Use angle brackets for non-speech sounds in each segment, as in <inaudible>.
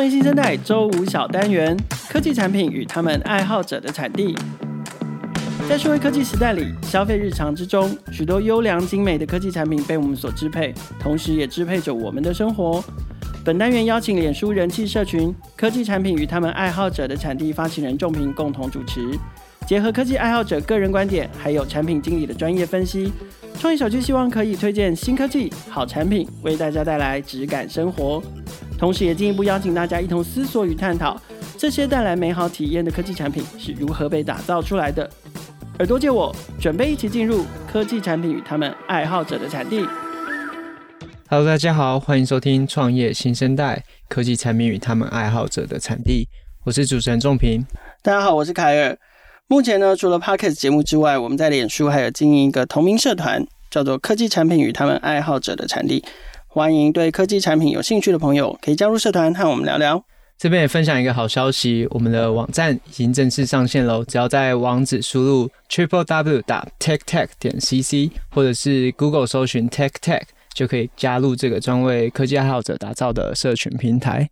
歡迎新聲帶週五小單元：科技產品與他們愛好者的產地。在數位科技時代裡，消費日常之中，許多優良精美的科技產品被我們所支配，同時也支配着我們的生活。本單元邀請臉書人氣社群“科技產品與他們愛好者的產地”發起人仲平共同主持。結合科技愛好者個人觀點，還有產品經理的專業分析，創業小聚希望可以推薦新科技好產品，為大家帶來質感生活。同時，也進一步邀請大家一同思索與探討，這些帶來美好體驗的科技產品是如何被打造出來的。耳朵借我，準備一起進入科技產品與他們愛好者的產地。Hello，大家好，歡迎收聽《創業新聲帶科技產品與他們愛好者的產地》，我是主持人仲平。大家好，我是凱爾。目前呢，除了 Podcast 節目之外，我們在臉書還有經營一個同名社團，叫做“科技產品與他們愛好者的產地”。歡迎對科技產品有興趣的朋友，可以加入社團和我們聊聊。這邊也分享一個好消息，我們的網站已經正式上線嘍！只要在網址輸入 triple w 打 tech tech 點 cc，或者是 Google 搜尋 tech tech，就可以加入這個專為科技愛好者打造的社群平台。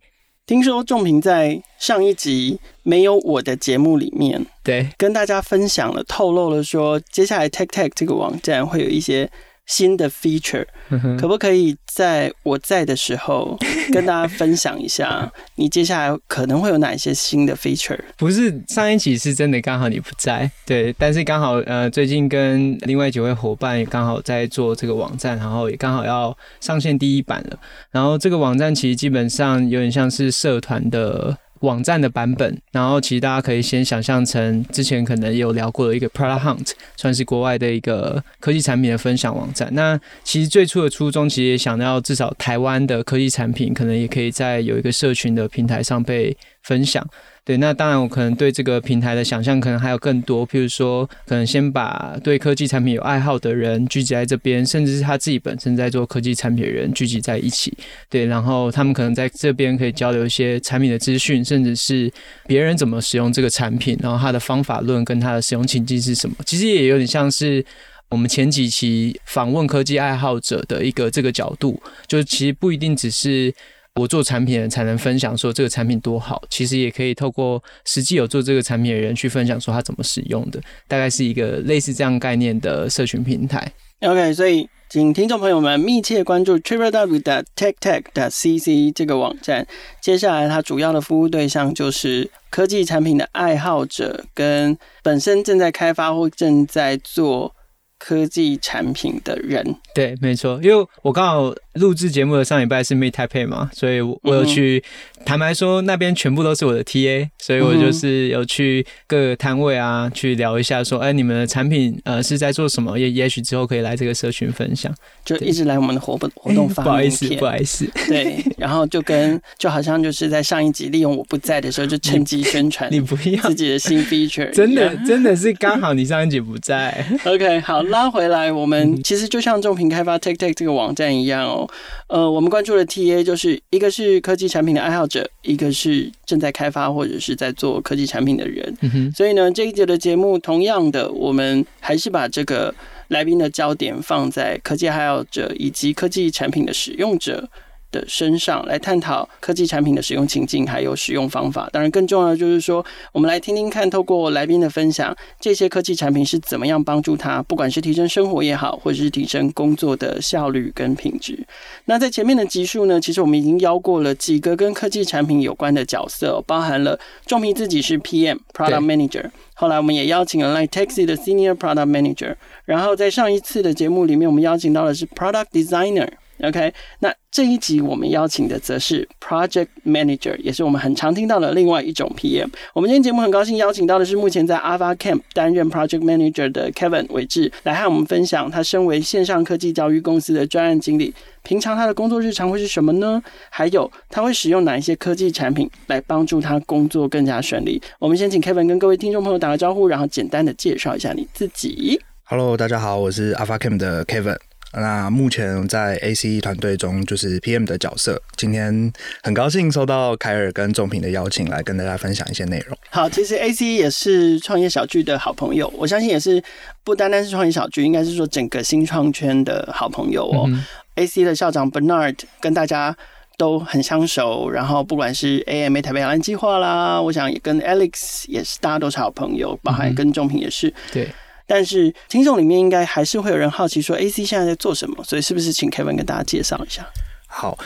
聽說仲平在上一集沒有我的節目裡面，對，跟大家分享了，透露了說，接下來 TechTech 這個網站會有一些新的 feature，嗯，可不可以在我在的時候跟大家分享一下？你接下來可能會有哪些新的 feature？不是上一期是真的剛好你不在，對，但是剛好呃，最近跟另外幾位夥伴也剛好在做這個網站，然後也剛好要上線第一版了。然後這個網站其實基本上有點像是社團的。網站的版本，然後其實大家可以先想象成之前可能有聊過的一個 Product Hunt，算是國外的一個科技產品的分享網站。那其實最初的初衷，其實也想要至少台灣的科技產品，可能也可以在有一個社群的平台上被分享。對，那當然，我可能對這個平台的想象可能還有更多，譬如說，可能先把對科技產品有愛好的人聚集在這邊，甚至是他自己本身在做科技產品的人聚集在一起。對，然後他們可能在這邊可以交流一些產品的資訊，甚至是別人怎麼使用這個產品，然後他的方法論跟他的使用情境是什麼。其實也有點像是我們前幾期訪問科技愛好者的一個這個角度，就其實不一定只是。我做產品的人才能分享說這個產品多好，其實也可以透過實際有做這個產品的人去分享說它怎麼使用的，大概是一個類似這樣概念的社群平台。OK，所以請聽眾朋友們密切關注 triplew.techtech.cc 這個網站。接下來，它主要的服務對象就是科技產品的愛好者，跟本身正在開發或正在做，科技產品的人，對，沒錯，因為我剛好錄製節目的上禮拜是 Meet Taipei 嘛，所以我，我有去。坦白說，那邊全部都是我的 TA，所以我就是有去各個攤位啊、嗯，去聊一下說，說、欸、哎，你們的產品呃是在做什麼？也也許之後可以來這個社群分享，就一直來我們的活活動發、欸。不好意思，不好意思。對，然後就跟就好像就是在上一集利用我不在的時候，就趁機宣傳你不要自己的新 feature，真的真的是剛好你上一集不在。 <laughs> OK，好，拉回來，我們其實就像仲平開發 TechTech 這個網站一樣哦，呃，我們關注的 TA 就是一個是科技產品的愛好者，一個是正在開發或者是在做科技產品的人，所以呢，這一節的節目，同樣的，我們還是把這個來賓的焦點放在科技愛好者以及科技產品的使用者。的身上來探討科技產品的使用情境還有使用方法，當然更重要的就是說，我們來聽聽看，透過來賓的分享，這些科技產品是怎麼樣幫助他，不管是提升生活也好，或者是提升工作的效率跟品質。那在前面的集數呢，其實我們已經邀過了幾個跟科技產品有關的角色、哦，包含了仲平自己是 PM Product Manager，後來我們也邀請了 Light Taxi 的 Senior Product Manager，然後在上一次的節目裡面，我們邀請到的是 Product Designer。OK，那這一集我們邀請的則是 Project Manager，也是我們很常聽到的另外一種 PM。我們今天節目很高興邀請到的是目前在 Alpha Camp 擔任 Project Manager 的 Kevin 偉智，來和我們分享他身為線上科技教育公司的專案經理，平常他的工作日常會是什麼呢？還有他會使用哪一些科技產品來幫助他工作更加順利？我們先請 Kevin 跟各位聽眾朋友打個招呼，然後簡單的介紹一下你自己。Hello，大家好，我是 Alpha Camp 的 Kevin。那目前在 A C 團隊中就是 P M 的角色，今天很高興收到凱爾跟仲平的邀請，來跟大家分享一些內容。好，其實 A C 也是創業小聚的好朋友，我相信也是不單單是創業小聚，應該是說整個新創圈的好朋友哦。嗯嗯、A C 的校長 Bernard 跟大家都很相熟，然後不管是 A M A 台北搖籃計劃啦，我想也跟 Alex 也是大家都是好朋友，包含跟仲平也是嗯嗯對。但是聽眾裡面應該還是會有人好奇說，AC 現在在做什麼？所以是不是請 Kevin 跟大家介紹一下？好。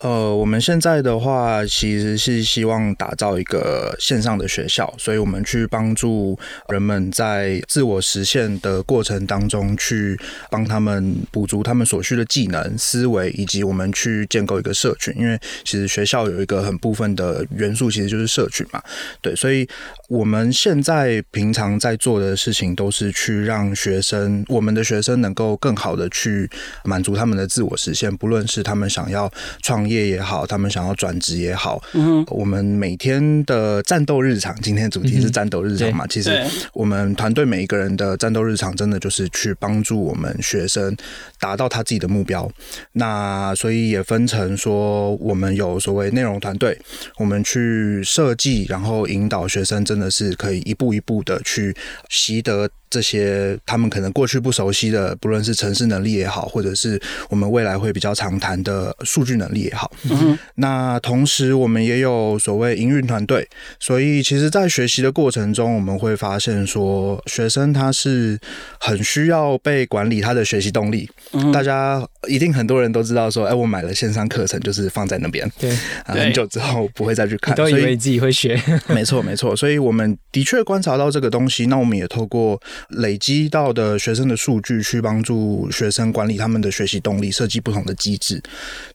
呃，我們現在的話其實是希望打造一個線上的學校，所以我們去幫助人們在自我實現的過程當中去幫他們補足他們所需的技能、思維，以及我們去建構一個社群。因為其實學校有一個很部分的元素，其實就是社群嘛，對。所以我們現在平常在做的事情都是去讓學生，我們的學生能夠更好的去滿足他們的自我實現，不論是他們想要創業也好，他們想要轉職也好，嗯，我們每天的戰鬥日常，今天主題是戰鬥日常嘛，嗯。其實我們團隊每一個人的戰鬥日常，真的就是去幫助我們學生達到他自己的目標。那所以也分成說，我們有所謂內容團隊，我們去設計，然後引導學生，真的是可以一步一步的去習得。這些他們可能過去不熟悉的，不論是程式能力也好，或者是我們未來會比較常談的數據能力也好、嗯，那同時我們也有所謂營運團隊，所以其實在學習的過程中，我們會發現說，學生他是很需要被管理他的學習動力、嗯。大家一定很多人都知道說，哎、欸，我買了線上課程，就是放在那邊，對、啊，很久之後不會再去看，所以你都以為自己會學， <laughs> 沒錯，沒錯。所以我們的確觀察到這個東西，那我們也透過。累積到的學生的數據，去幫助學生管理他們的學習動力，設計不同的機制。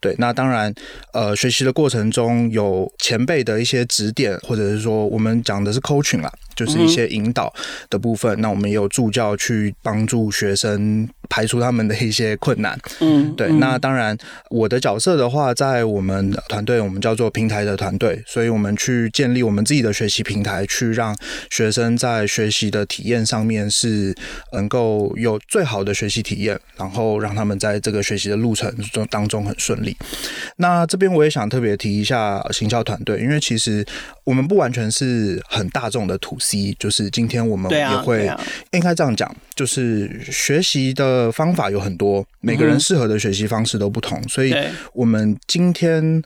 對，那當然，呃，學習的過程中有前輩的一些指點，或者是說，我們講的是 coaching 啦、啊。就是一些引導的部分，嗯、那我們也有助教去幫助學生排除他們的一些困難。嗯，對。嗯、那當然，我的角色的話，在我們團隊，我們叫做平台的團隊，所以我們去建立我們自己的學習平台，去讓學生在學習的體驗上面是能夠有最好的學習體驗，然後讓他們在這個學習的路程中當中很順利。那這邊我也想特別提一下行銷團隊，因為其實我們不完全是很大眾的吐槽 C 就是今天我們也會應該這樣講，就是學習的方法有很多，每個人適合的學習方式都不同，所以我們今天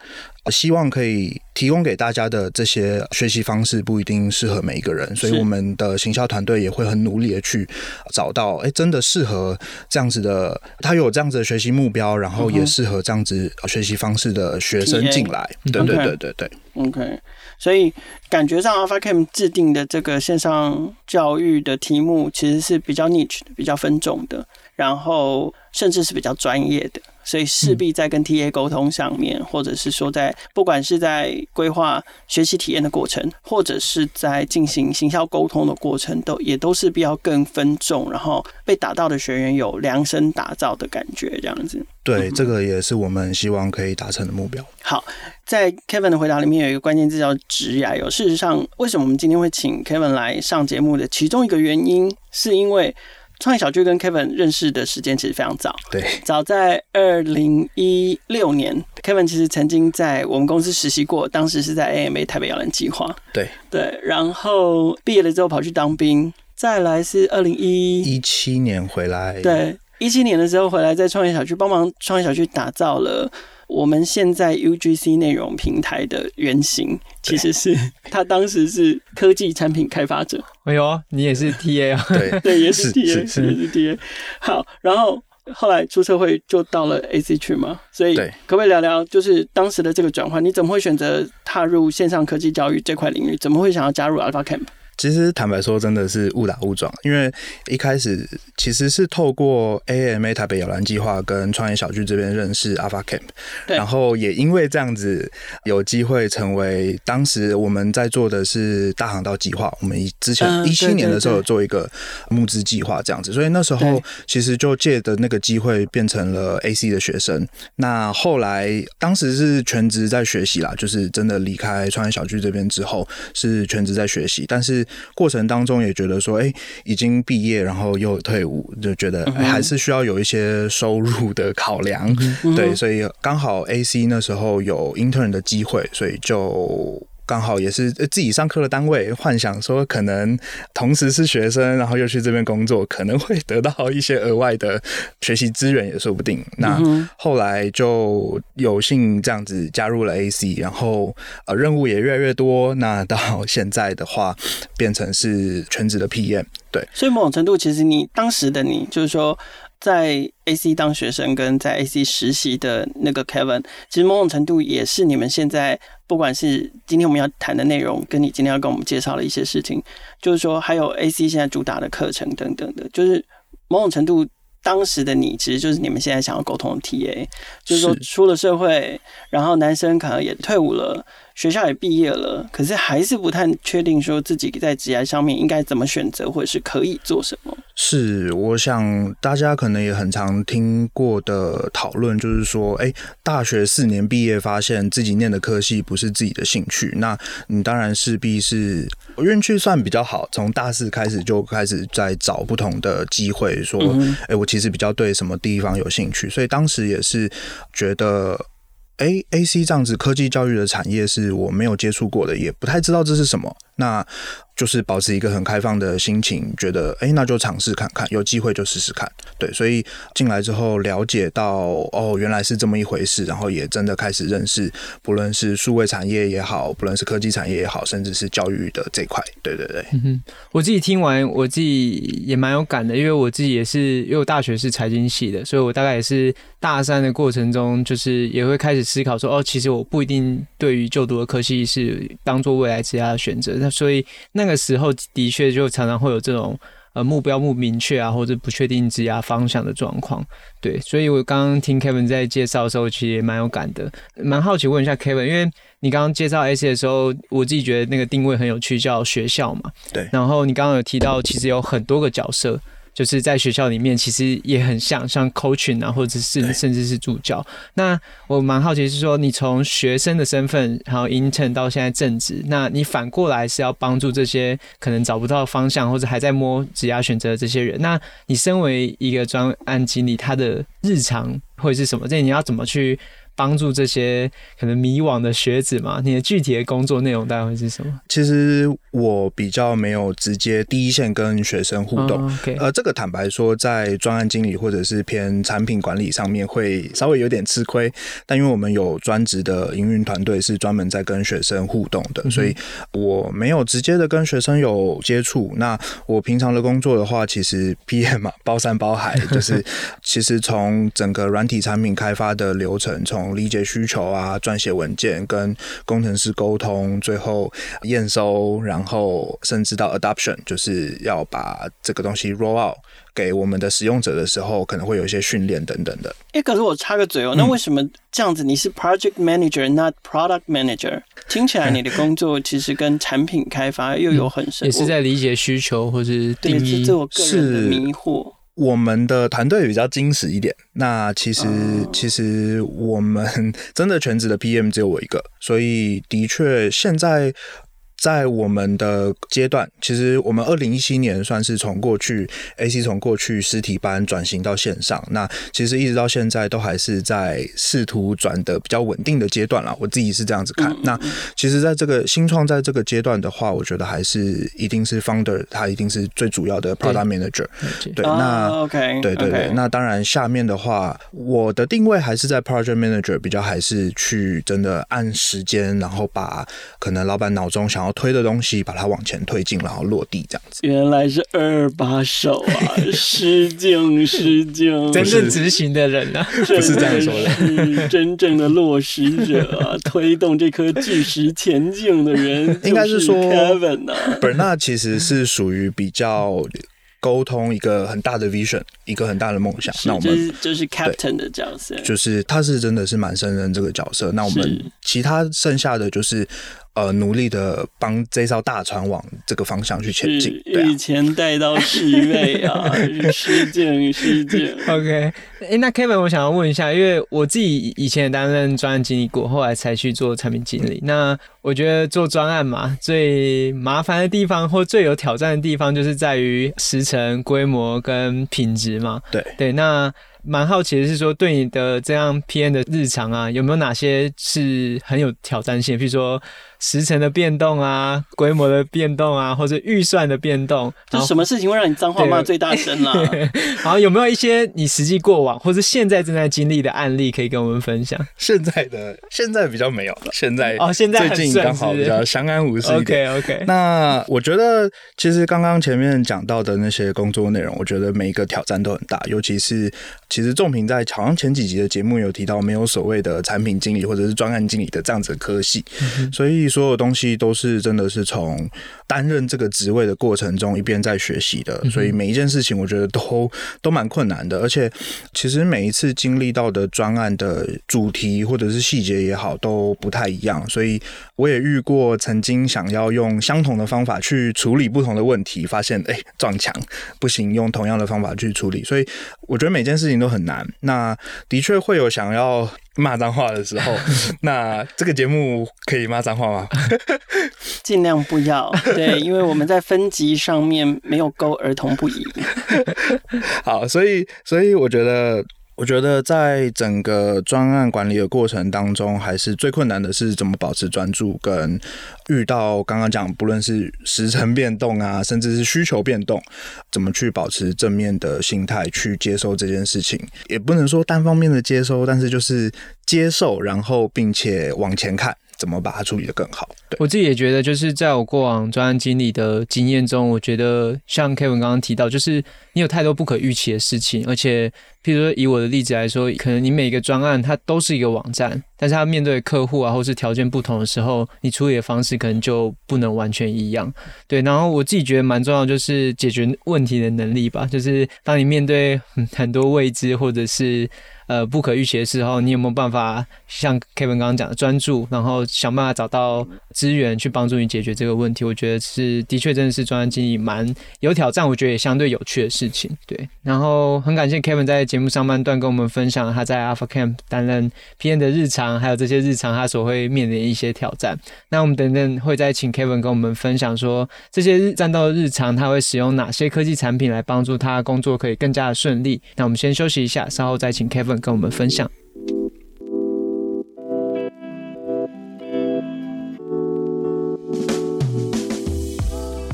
希望可以提供給大家的這些學習方式不一定適合每一個人，所以我們的行銷團隊也會很努力的去找到，哎，真的適合這樣子的，他有這樣子的學習目標，然後也適合這樣子學習方式的學生進來，對對,對對對對對，OK。所以感覺上，ALPHA Camp 製定的這個線上教育的題目，其實是比較 niche 的，比較分眾的。然後，甚至是比較專業的，所以勢必在跟 TA 溝通上面、嗯，或者是說在不管是在規劃學習體驗的過程，或者是在進行行銷溝通的過程，都也都是必要更分眾，然後被打到的學員有量身打造的感覺，這樣子。對，嗯、這個也是我們希望可以達成的目標。好，在 Kevin 的回答裡面有一個關鍵字叫職涯。有事實上，為什麼我們今天會請 Kevin 來上節目的其中一個原因，是因為。創業小聚跟 Kevin 認識的時間其實非常早，對，早在二零一六年，Kevin 其實曾經在我們公司實習過，當時是在 AAMA 台北搖籃計劃，對對，然後畢業了之後跑去當兵，再來是二零一，一七年回來，對，一七年的時候回來在創業小聚幫忙，創業小聚打造了。我們現在 UGC 內容平台的原型，其實是他當時是科技產品開發者。哎呦，你也是 TA 啊？對， <laughs> 對也是 TA 也是 TA，好，然後後來出社會就到了 AC 去嘛，所以可不可以聊聊，就是當時的這個轉換？你怎麼會選擇踏入線上科技教育這塊領域？怎麼會想要加入 ALPHA Camp？其實坦白說，真的是誤打誤撞，因為一開始其實是透過 AAMA 台北搖籃計劃跟創業小聚這邊認識 Alpha Camp，然後也因為這樣子有機會成為當時我們在做的是大航道計劃，我們之前一七年的時候有做一個募資計劃這樣子，嗯，對對對，所以那時候其實就借的那個機會變成了 A C 的學生。那後來當時是全職在學習啦，就是真的離開創業小聚這邊之後是全職在學習，但是。過程當中也覺得說，誒、欸，已經畢業，然後又退伍，就覺得、欸、還是需要有一些收入的考量，嗯、對，所以剛好 AC 那時候有 intern 的機會，所以就。剛好也是自己上課的單位，幻想說可能同時是學生，然後又去這邊工作，可能會得到一些額外的學習資源也說不定。那後來就有幸這樣子加入了 AC，然後，呃，任務也越來越多。那到現在的話，變成是全職的 PM。對，所以某種程度，其實你當時的你就是說。在 AC 當學生跟在 AC 實習的那個 Kevin，其實某種程度也是你們現在不管是今天我們要談的內容，跟你今天要跟我們介紹的一些事情，就是說還有 AC 現在主打的課程等等的，就是某種程度當時的你，其實就是你們現在想要溝通的 TA，就是說出了社會，然後男生可能也退伍了，學校也畢業了，可是還是不太確定說自己在職業上面應該怎麼選擇，或者是可以做什麼。是，我想大家可能也很常聽過的討論，就是說，誒、欸，大學四年畢業，發現自己念的科系不是自己的興趣，那你當然勢必是，我運氣算比較好，從大四開始就開始在找不同的機會，說，誒、嗯欸，我其實比較對什麼地方有興趣，所以當時也是覺得。A, AC 這樣子，科技教育的產業是我沒有接觸過的，也不太知道這是什麼。那就是保持一個很開放的心情，覺得哎、欸，那就嘗試看看，有機會就試試看。對，所以進來之後了解到哦，原來是這麼一回事，然後也真的開始認識，不論是數位產業也好，不論是科技產業也好，甚至是教育的這塊。對對對、嗯哼，我自己聽完，我自己也蠻有感的，因為我自己也是，因為我大學是財經系的，所以我大概也是大三的過程中，就是也會開始思考說，哦，其實我不一定對於就讀的科系是當做未來其他的選擇。所以那個時候的確就常常會有這種呃目標不明確啊，或者不確定自己啊方向的狀況，對。所以我剛剛聽 Kevin 在介紹的時候，其實也蠻有感的，蠻好奇問一下 Kevin，因為你剛剛介紹 AC 的時候，我自己覺得那個定位很有趣，叫學校嘛，對。然後你剛剛有提到，其實有很多個角色。就是在學校裡面，其實也很像，像 coaching 啊，或者是甚至是助教。那我蠻好奇是說，你從學生的身份，然後 intern 到現在正職，那你反過來是要幫助這些可能找不到方向或者還在摸職涯選擇的這些人。那你身為一個專案經理，他的日常會是什麼？這你要怎麼去幫助這些可能迷惘的學子嘛？你的具體的工作內容大概會是什麼？其實。我比較沒有直接第一線跟學生互動，oh, okay. 呃，這個坦白說，在專案經理或者是偏產品管理上面會稍微有點吃虧，但因為我們有專職的營運團隊是專門在跟學生互動的，mm -hmm. 所以我沒有直接的跟學生有接觸。那我平常的工作的話，其實 PM 啊，包山包海，就是其實從整個軟體產品開發的流程，從 <laughs> 理解需求啊，撰寫文件，跟工程師溝通，最後驗收，然後然後，甚至到 adoption，就是要把這個東西 roll out 給我們的使用者的時候，可能會有一些訓練等等的。哎，可是我插個嘴哦、嗯，那為什麼這樣子？你是 project manager not product manager？聽起來你的工作其實跟產品開發又有很深、嗯，也是在理解需求或是定義，是我的迷惑。我們的團隊比較精實一點。那其實、嗯，其實我們真的全職的 PM 只有我一個，所以的確現在。在我們的階段，其實我們二零一七年算是從過去 AC 從過去實體班轉型到線上，那其實一直到現在都還是在試圖轉的比較穩定的階段了。我自己是這樣子看。 <laughs> 那其實在這個新創在這個階段的話，我覺得還是一定是 founder，他一定是最主要的 product manager 對對。對，那、哦、OK，對對對，okay. 那當然下面的話，我的定位還是在 project manager 比較，還是去真的按時間，然後把可能老板腦中想要。推的東西，把它往前推進，然後落地，這樣子。原來是二把手啊， <laughs> 失敬失敬。真正執行的人呢、啊， <laughs> 不是這樣說的。真是真正的落實者、啊， <laughs> 推動這顆巨石前進的人、啊。應該是說 Kevin、Bernard 其實是屬於比較溝通一個很大的 vision， <laughs> 一個很大的夢想是。那我們、就是、就是 Captain 的角色，就是他是真的是蠻勝任這個角色。那我們其他剩下的就是。呃，努力的幫這艘大船往這個方向去前進。對啊，以前帶到疲憊啊，失敬失敬。OK，哎，那 Kevin，我想要問一下，因為我自己以前也擔任專案經理過，後來才去做產品經理。嗯、那我覺得做專案嘛，最麻煩的地方或最有挑戰的地方，就是在於時程規模跟品質嘛。對對，那蠻好奇的是說，說對你的這樣 PM 的日常啊，有沒有哪些是很有挑戰性？譬如說。時程的變動啊，規模的變動啊，或者預算的變動，就什麼事情會讓你髒話罵最大聲啊？對 <laughs> 然後有沒有一些你實際過往或者現在正在經歷的案例可以跟我們分享？現在的現在比較沒有，現在哦，現在最近剛好比較相安無事一點 <laughs> OK OK。那我覺得其實剛剛前面講到的那些工作內容，我覺得每一個挑戰都很大，尤其是。其實仲平在好像前幾集的節目有提到，沒有所謂的產品經理或者是專案經理的這樣子的科系，所以所有東西都是真的是從擔任這個職位的過程中一邊在學習的，所以每一件事情我覺得都都蠻困難的，而且其實每一次經歷到的專案的主題或者是細節也好都不太一樣，所以我也遇過曾經想要用相同的方法去處理不同的問題，發現哎、欸、撞牆不行，用同樣的方法去處理，所以我覺得每件事情。都很難，那的確會有想要罵髒話的時候。那這個節目可以罵髒話嗎？盡 <laughs> 量不要，對，因為我們在分級上面沒有勾兒童不宜。 <laughs> 好，所以所以我覺得。我覺得在整個專案管理的過程當中，還是最困難的是怎麼保持專注，跟遇到剛剛講，不論是時程變動啊，甚至是需求變動，怎麼去保持正面的心態去接受這件事情，也不能說單方面的接受，但是就是接受，然後並且往前看。怎麼把它處理得更好？對我自己也覺得，就是在我過往專案經歷的經驗中，我覺得像 k 文剛剛提到，就是你有太多不可預期的事情，而且，譬如說以我的例子來說，可能你每個專案它都是一個網站，但是它面對客戶啊，或是條件不同的時候，你處理的方式可能就不能完全一樣。對，然後我自己覺得蠻重要的就是解決問題的能力吧，就是當你面對很多未知或者是。呃，不可預期的時候，你有沒有辦法像 Kevin 剛剛講的專注，然後想辦法找到資源去幫助你解決這個問題？我覺得是的確真的是專案經理蠻有挑戰，我覺得也相對有趣的事情。對，然後很感謝 Kevin 在節目上半段跟我們分享他在 Alpha Camp 擔任 PM 的日常，還有這些日常他所會面臨一些挑戰。那我們等等會再請 Kevin 跟我們分享說這些日戰鬥的日常，他會使用哪些科技產品來幫助他工作可以更加的順利？那我們先休息一下，稍後再請 Kevin。跟我們分享。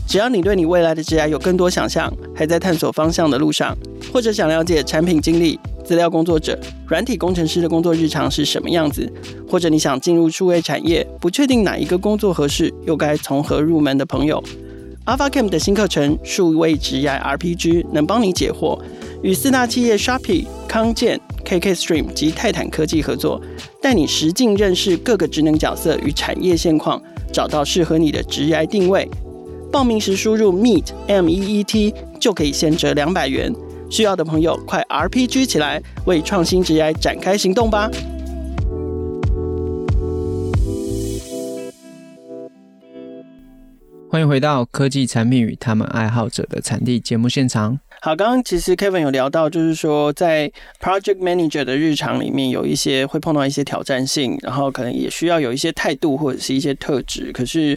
只要你對你未來的職涯有更多想象，還在探索方向的路上，或者想了解產品經理、資料工作者、軟體工程師的工作日常是什麼樣子，或者你想進入數位產業，不確定哪一個工作合適，又該從何入門的朋友，ALPHA Camp 的新課程《數位職涯 RPG》能幫你解惑。與四大企業 Shopee、康健、KKStream 及泰坦科技合作，帶你實境認識各個職能角色與產業現況，找到適合你的職涯定位。報名時輸入 meet M E E T 就可以先折兩百元。需要的朋友快 RPG 起來，為創新職涯展開行動吧！歡迎回到科技產品與他們愛好者的產地節目現場。好，剛剛其實 Kevin 有聊到，就是說在 Project Manager 的日常裡面，有一些會碰到一些挑戰性，然後可能也需要有一些態度或者是一些特質。可是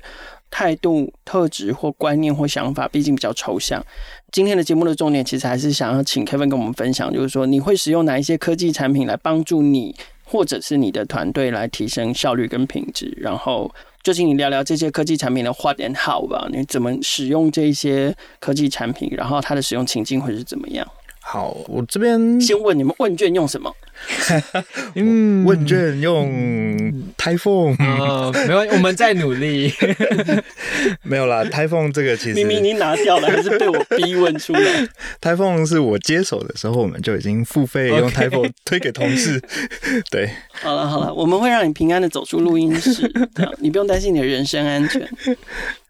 態度、特質或觀念或想法，畢竟比較抽象。今天的節目的重點，其實還是想要請 Kevin 跟我們分享，就是說你會使用哪一些科技產品來幫助你，或者是你的團隊來提升效率跟品質，然後。就請你聊聊這些科技產品的 know how 吧，你怎麼使用這一些科技產品，然後它的使用情境會是怎麼樣？好，我這邊先問你們問卷用什麼？ <laughs> 嗯，問卷用 Typhoon 啊，沒關係 <laughs> 我們在努力。 <laughs> 沒有啦，Typhoon 這個其實明明你拿掉了，還是被我逼問出來。 <laughs> Typhoon 是我接手的時候，我們就已經付費、okay。用 Typhoon 推給同事，對。好了好了，我們會讓你平安的走出錄音室， <laughs> 你不用擔心你的人身安全。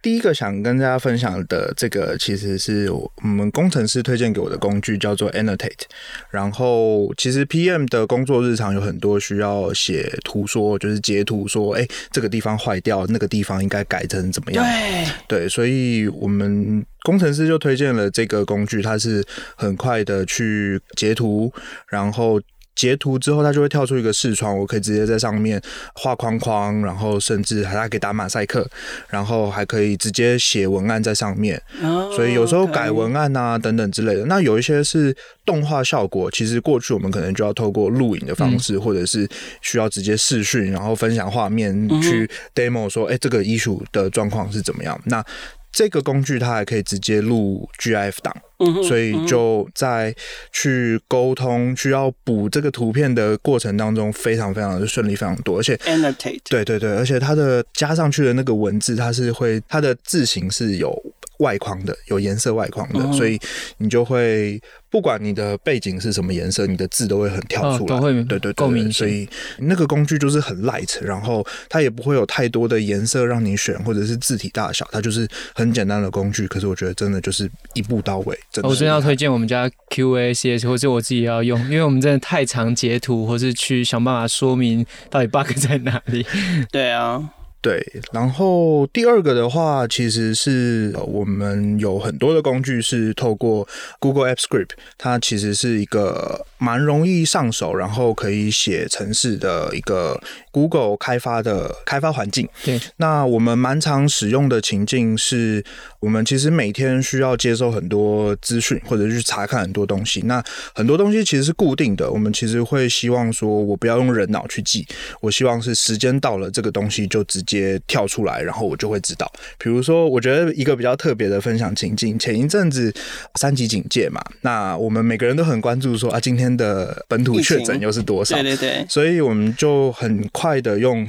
第一個想跟大家分享的這個，其實是我們工程師推薦給我的工具，叫做 Annotate。然後，其實 PM 的工作日常有很多需要寫圖說，就是截圖說，哎、欸，這個地方壞掉，那個地方應該改成怎麼樣？對對，所以我們工程師就推薦了這個工具，它是很快的去截圖，然後。截圖之後，它就會跳出一個視窗，我可以直接在上面畫框框，然後甚至還可以打馬賽克，然後還可以直接寫文案在上面。Oh, okay. 所以有時候改文案啊等等之類的。那有一些是動畫效果，其實過去我們可能就要透過錄影的方式，嗯、或者是需要直接視訊，然後分享畫面、嗯、去 demo 說，哎，這個 issue 的狀況是怎麼樣？那這個工具它還可以直接錄 GIF 檔。 <noise> 所以就在去溝通需要補這個圖片的過程當中，非常非常的順利，非常多，而且，對對對，而且它的加上去的那個文字，它是會它的字形是有外框的有顏色外框的，哦，所以你就會不管你的背景是什麼顏色，你的字都會很跳出來，哦，都會，對，對對對，夠明顯。所以那個工具就是很 light，然後它也不會有太多的顏色讓你選，或者是字體大小，它就是很簡單的工具。可是我覺得真的就是一步到位，哦。我真的要推薦我們家 QACS，或是我自己要用，因為我們真的太常截圖，或是去想辦法說明到底 bug 在哪裡。 <laughs> 對啊。對，然後第二個的話，其實是、呃、我們有很多的工具是透過 Google Apps Script，它其實是一個蠻容易上手，然後可以寫程式的一個 Google 開發的開發環境。對、嗯，那我們蠻常使用的情境是，我們其實每天需要接收很多資訊，或者去查看很多東西。那很多東西其實是固定的，我們其實會希望說，我不要用人腦去記，我希望是時間到了，這個東西就直接。也跳出來，然後我就會知道。比如說，我覺得一個比較特別的分享情境，前一陣子三級警戒嘛，那我們每個人都很關注說，說啊，今天的本土確診又是多少？對對對。所以我們就很快的用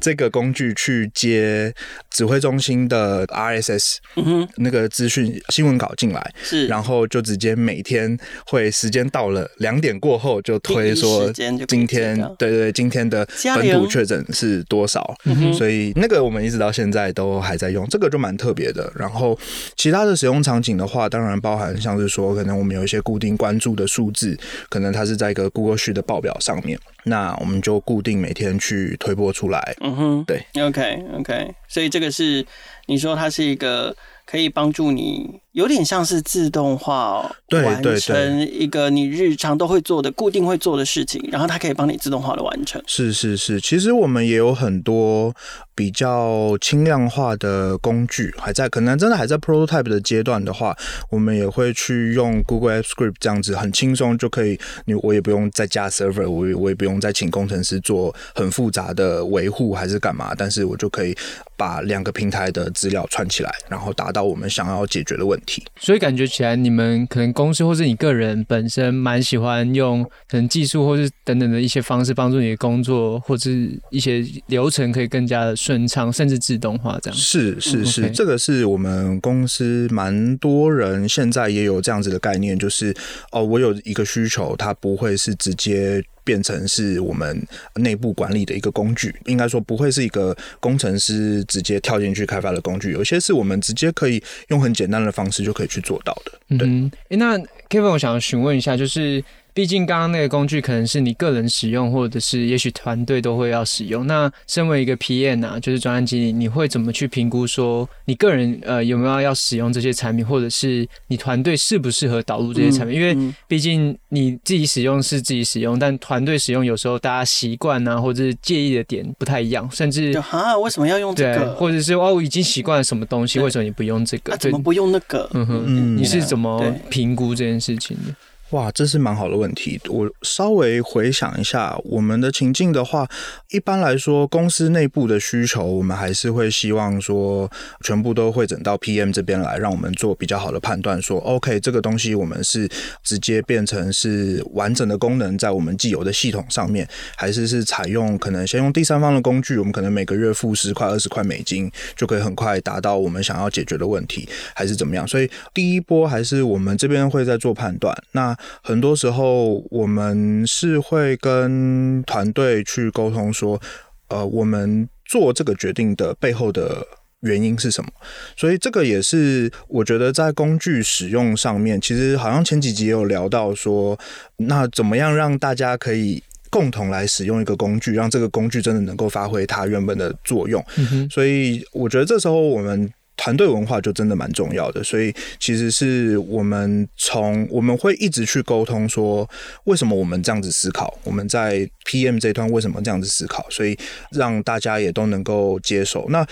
這個工具去接指揮中心的 RSS，、嗯哼、那個資訊新聞稿進來，是，然後就直接每天會時間到了兩點過後就推說今天對對今天的本土確診是多少？嗯、所以。那個我們一直到現在都還在用，這個就蠻特別的。然後其他的使用場景的話，當然包含像是說，可能我們有一些固定關注的數字，可能它是在一個 Google 序的報表上面，那我們就固定每天去推播出來。嗯哼，對，OK OK，所以這個是你說它是一個。可以幫助你，有點像是自動化、哦、對對對完成一個你日常都會做的、固定會做的事情，然後它可以幫你自動化的完成。是是是，其實我們也有很多比較輕量化的工具還在，可能真的還在 prototype 的階段的話，我們也會去用 Google Apps Script 這樣子，很輕鬆就可以，你我也不用再加 server，我也我也不用再請工程師做很複雜的維護還是幹嘛，但是我就可以。把兩個平台的資料串起來，然後達到我們想要解決的問題。所以感覺起來，你們可能公司或是你個人本身蠻喜歡用可能技術或是等等的一些方式，幫助你的工作或者一些流程可以更加的順暢，甚至自動化。這樣是是是，是是 Okay. 這個是我們公司蠻多人現在也有這樣子的概念，就是哦，我有一個需求，它不會是直接。變成是我們內部管理的一個工具，應該說不會是一個工程師直接跳進去開發的工具，有些是我們直接可以用很簡單的方式就可以去做到的。對，嗯欸、那 Kevin，我想詢問一下，就是。畢竟剛剛那個工具可能是你個人使用，或者是也許團隊都會要使用。那身為一個 PM 啊，就是專案經理，你會怎麼去評估說你個人呃有沒有要使用這些產品，或者是你團隊適不適合導入這些產品？嗯、因為畢竟你自己使用是自己使用，嗯，但團隊使用有時候大家習慣啊，或者是介意的點不太一樣，甚至啊為什麼要用這個，或者是哦我已經習慣了什麼東西，為什麼你不用這個，啊？怎麼不用那個？嗯哼，你是怎麼評估這件事情的？哇，這是蠻好的問題。我稍微回想一下，我們的情境的話，一般來說，公司內部的需求，我們還是會希望說，全部都會整到 PM 這邊來，讓我們做比較好的判斷。說，OK，這個東西我們是直接變成是完整的功能在我們既有的系統上面，還是是採用可能先用第三方的工具，我們可能每個月付十塊、二十塊美金就可以很快達到我們想要解決的問題，還是怎麼樣？所以第一波還是我們這邊會再做判斷。那很多時候，我們是會跟團隊去溝通說，呃，我們做這個決定的背後的原因是什麼？所以這個也是我覺得在工具使用上面，其實好像前幾集也有聊到說，那怎麼樣讓大家可以共同來使用一個工具，讓這個工具真的能夠發揮它原本的作用。嗯哼。所以我覺得這時候我們。團隊文化就真的蠻重要的，所以其實是我們從我們會一直去溝通說，為什麼我們這樣子思考，我們在 PM 這一段為什麼這樣子思考，所以讓大家也都能夠接受。那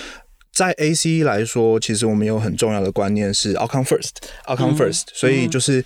在 AC 來說，其實我們有很重要的觀念是 outcome first，outcome first、嗯、所以就是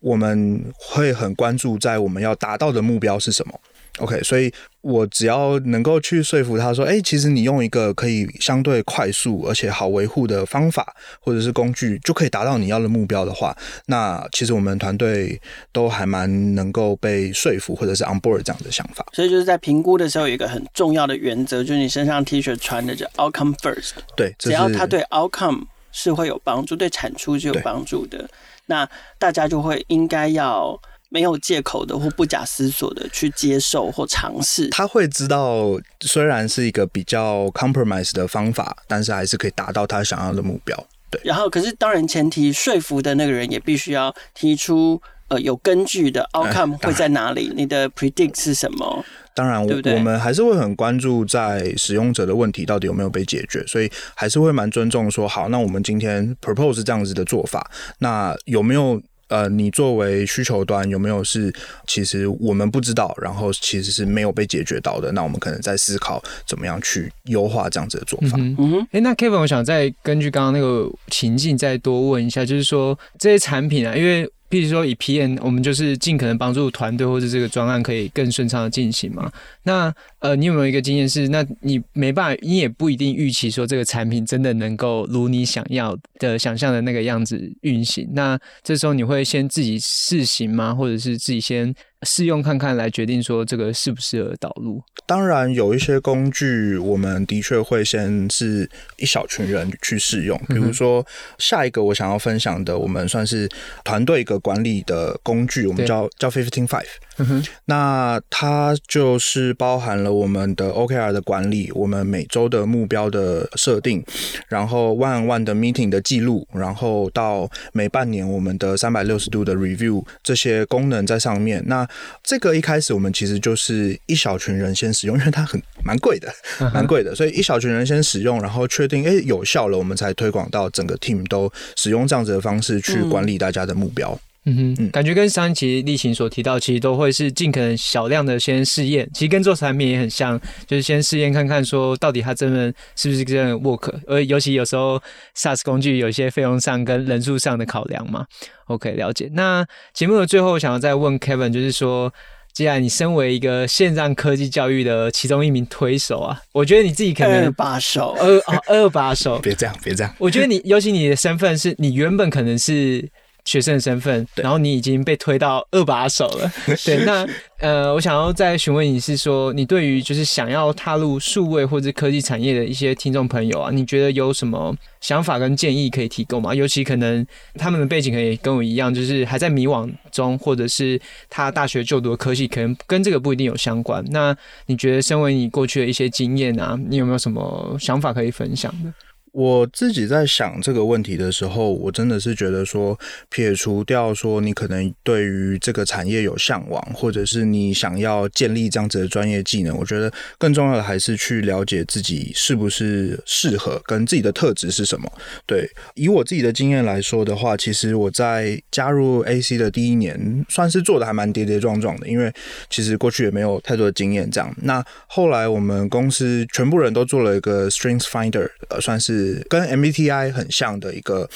我們會很關注在我們要達到的目標是什麼。OK，所以我只要能夠去說服他說，哎、欸，其實你用一個可以相對快速而且好維護的方法或者是工具，就可以達到你要的目標的話，那其實我們團隊都還蠻能夠被說服或者是 onboard 這樣的想法。所以就是在評估的時候，有一個很重要的原則，就是你身上 T 恤穿的叫 outcome first 對。對，只要他對 outcome 是會有幫助，對產出是有幫助的，那大家就會應該要。沒有借口的或不假思索的去接受或嘗試，他會知道，雖然是一個比較 compromise 的方法，但是還是可以達到他想要的目標。對，然後可是，當然前提，說服的那個人也必須要提出，呃，有根據的 outcome，呃、會在哪裡？你的 predict 是什麼？當然，對不對？當然我，我們還是會很關注在使用者的問題到底有沒有被解決，所以還是會蠻尊重說，好，那我們今天 propose 這樣子的做法，那有沒有？呃，你作為需求端有沒有是，其實我們不知道，然後其實是沒有被解決到的，那我們可能在思考怎麼樣去優化這樣子的做法。嗯，誒、欸，那 Kevin，我想再根據剛剛那個情境再多問一下，就是說這些產品啊，因為。譬如說，以 PM，我們就是盡可能幫助團隊或者這個專案可以更順暢的進行嘛。那呃，你有沒有一個經驗是，那你沒辦法，你也不一定預期說這個產品真的能夠如你想要的、想象的那個樣子運行。那這時候你會先自己試行嗎？或者是自己先？試用看看，來決定說這個適不適合導入。當然，有一些工具，我們的確會先是一小群人去試用。嗯、比如說，下一個我想要分享的，我們算是團隊一個管理的工具，我們叫叫 Fifteen Five、嗯。那它就是包含了我們的 OKR 的管理，我們每周的目標的設定，然後 One-on-One 的 Meeting 的記錄，然後到每半年我們的三百六十度的 Review 這些功能在上面。那這個一開始我們其實就是一小群人先使用，因為它很蠻貴的，蠻貴的，所以一小群人先使用，然後確定，哎，有效了，我們才推廣到整個 team 都使用這樣子的方式去管理大家的目標。嗯嗯哼嗯，感覺跟上一期例行所提到，其實都會是盡可能小量的先試驗。其實跟做產品也很像，就是先試驗看看，說到底它真的是不是真的 work。而尤其有時候 SaaS 工具，有一些費用上跟人數上的考量嘛。嗯。OK，了解。那節目的最後，想要再問 Kevin，就是說，既然你身為一個線上科技教育的其中一名推手啊，我覺得你自己可能二把手，二啊二把手，別這樣，別這樣。我覺得你，尤其你的身份是你原本可能是。學生的身份，然後你已經被推到二把手了。 <laughs> 對，那呃，我想要再詢問你是說，你對於就是想要踏入數位或者科技產業的一些聽眾朋友啊，你覺得有什麼想法跟建議可以提供嗎？尤其可能他們的背景可以跟我一樣，就是還在迷惘中，或者是他大學就讀的科技，可能跟這個不一定有相關。那你覺得，身為你過去的一些經驗啊，你有沒有什麼想法可以分享的？我自己在想這個問題的時候，我真的是覺得說，撇除掉說你可能對於這個產業有嚮往，或者是你想要建立這樣子的專業技能，我覺得更重要的還是去了解自己是不是適合，跟自己的特質是什麼。對，以我自己的經驗來說的話，其實我在加入 AC 的第一年，算是做的還蠻跌跌撞撞的，因為其實過去也沒有太多的經驗這樣。那後來我們公司全部人都做了一個 StrengthsFinder，呃，算是。跟 MBTI 很像的一個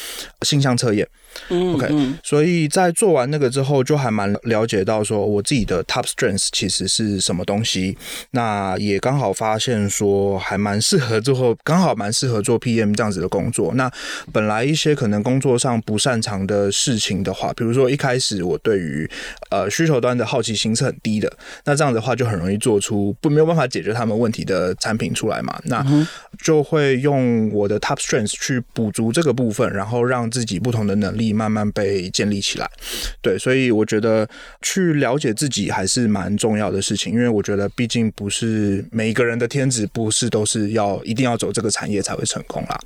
性向測驗。Okay, 嗯，OK，、嗯、所以在做完那個之後，就還蠻了解到說我自己的 top strength 其實是什麼東西。那也剛好發現說還蠻適合做，之後剛好蠻適合做 PM 這樣子的工作。那本來一些可能工作上不擅長的事情的話，比如說一開始我對於呃需求端的好奇心是很低的，那這樣的話就很容易做出不沒有辦法解決他們問題的產品出來嘛。那就會用我的 top strength 去補足這個部分，然後讓自己不同的能力。慢慢被建立起來，對，所以我覺得去了解自己還是蠻重要的事情，因為我覺得畢竟不是每一個人的天職，不是都是要一定要走這個產業才會成功啦，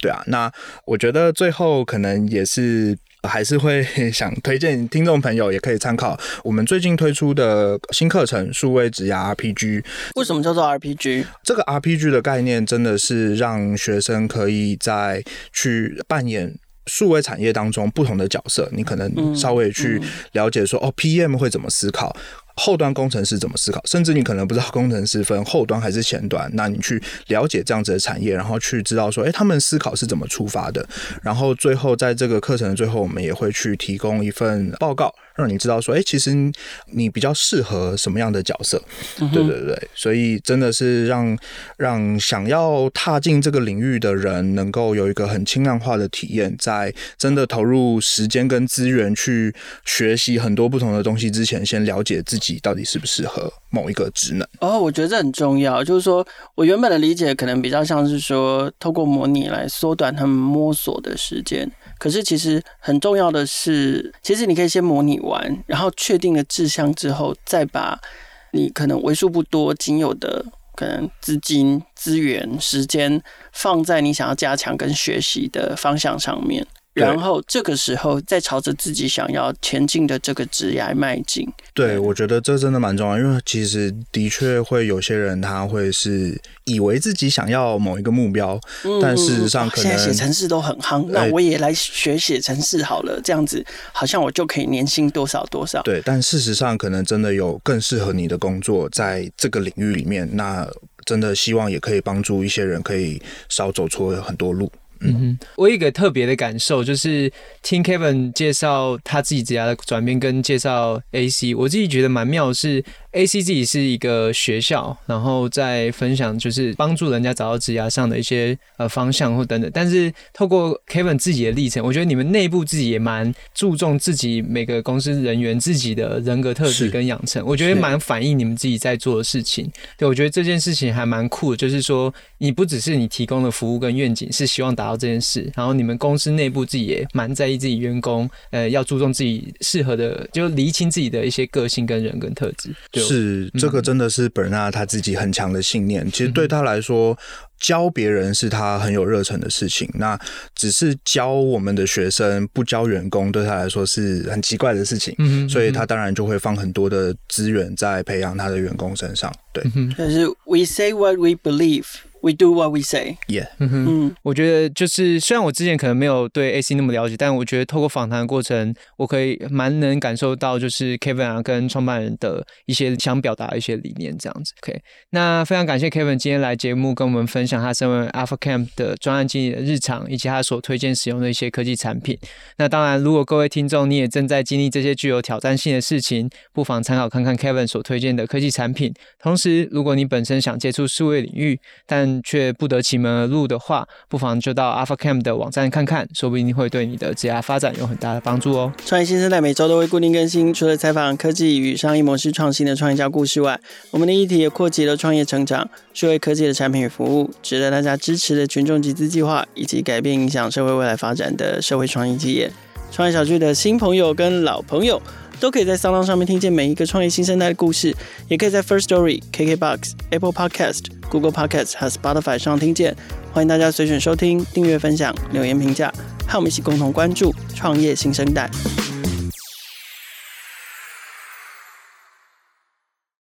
對啊。那我覺得最後可能也是還是會想推薦聽眾朋友也可以參考我們最近推出的新課程——數位職涯 RPG。為什麼叫做 RPG？這個 RPG 的概念真的是讓學生可以再去扮演。數位產業當中不同的角色，你可能稍微去了解說，嗯、哦，PM 會怎麼思考，後端工程師怎麼思考，甚至你可能不知道工程師分後端還是前端，那你去了解這樣子的產業，然後去知道說，誒、欸，他們思考是怎麼出發的，然後最後在這個課程的最後，我們也會去提供一份報告。讓你知道說，哎、欸，其實你比較適合什麼樣的角色？嗯、對對對，所以真的是讓讓想要踏進這個領域的人，能夠有一個很輕量化的體驗，在真的投入時間跟資源去學習很多不同的東西之前，先了解自己到底適不適合某一個職能。哦，我覺得這很重要，就是說我原本的理解可能比較像是說，透過模擬來縮短他們摸索的時間。可是，其實很重要的是，其實你可以先模擬完，然後確定了志向之後，再把你可能為數不多、僅有的可能資金、資源、時間，放在你想要加強跟學習的方向上面。然後這個時候再朝着自己想要前進的這個職業邁進。對，我覺得這真的蠻重要，因為其實的確會有些人他會是以為自己想要某一個目標，嗯、但事實上可能現在寫程式都很夯、哎，那我也來學寫程式好了，這樣子好像我就可以年薪多少多少。對，但事實上可能真的有更適合你的工作在這個領域裡面，那真的希望也可以幫助一些人可以少走錯很多路。嗯哼，我有一個特別的感受就是聽 Kevin 介紹他自己職涯的轉變跟介紹 AC，我自己覺得蠻妙的是 AC 自己是一個學校，然後在分享就是幫助人家找到職涯上的一些呃方向或等等。但是透過 Kevin 自己的歷程，我覺得你們內部自己也蠻注重自己每個公司人員自己的人格特質跟養成，我覺得蠻反映你們自己在做的事情。對，我覺得這件事情還蠻酷的，就是說你不只是你提供的服務跟願景，是希望達。然後這件事，然後你們公司內部自己也蠻在意自己員工，呃，要注重自己適合的，就釐清自己的一些個性跟人跟特質。是、嗯、這個，真的是 Bernard 他自己很強的信念。其實對他來說，嗯，教別人是他很有熱忱的事情。那只是教我們的學生，不教員工對他來說是很奇怪的事情、嗯。所以他當然就會放很多的資源在培養他的員工身上。對，嗯、但是 we say what we believe. We do what we say. Yeah. 嗯哼，我覺得就是，雖然我之前可能沒有對 AC 那麼了解，但我覺得透過訪談的過程，我可以蠻能感受到，就是 Kevin 啊跟創辦人的一些想表達一些理念這樣子。OK，那非常感謝 Kevin 今天來節目跟我們分享他身為 ALPHA Camp 的專案經理的日常，以及他所推薦使用的一些科技產品。那當然，如果各位聽眾你也正在經歷這些具有挑戰性的事情，不妨參考看看 Kevin 所推薦的科技產品。同時，如果你本身想接觸數位領域，但卻不得其門而入的話，不妨就到 ALPHA Camp 的網站看看，說不定會對你的職業發展有很大的幫助哦。創業新聲帶每週都會固定更新，除了採訪科技與商業模式創新的創業家故事外，我們的議題也擴及了創業成長、社會科技的產品與服務，值得大家支持的群眾集資計劃，以及改變影響社會未來發展的社會創意企業。創業小聚的新朋友跟老朋友，都可以在 SoundOn 上面聽見每一個創業新聲帶的故事，也可以在 First Story、KKBox、Apple Podcast、Google Podcast 和 Spotify 上聽見。歡迎大家隨選收聽、訂閱、分享、留言、評價，和我們一起共同關注創業新聲帶。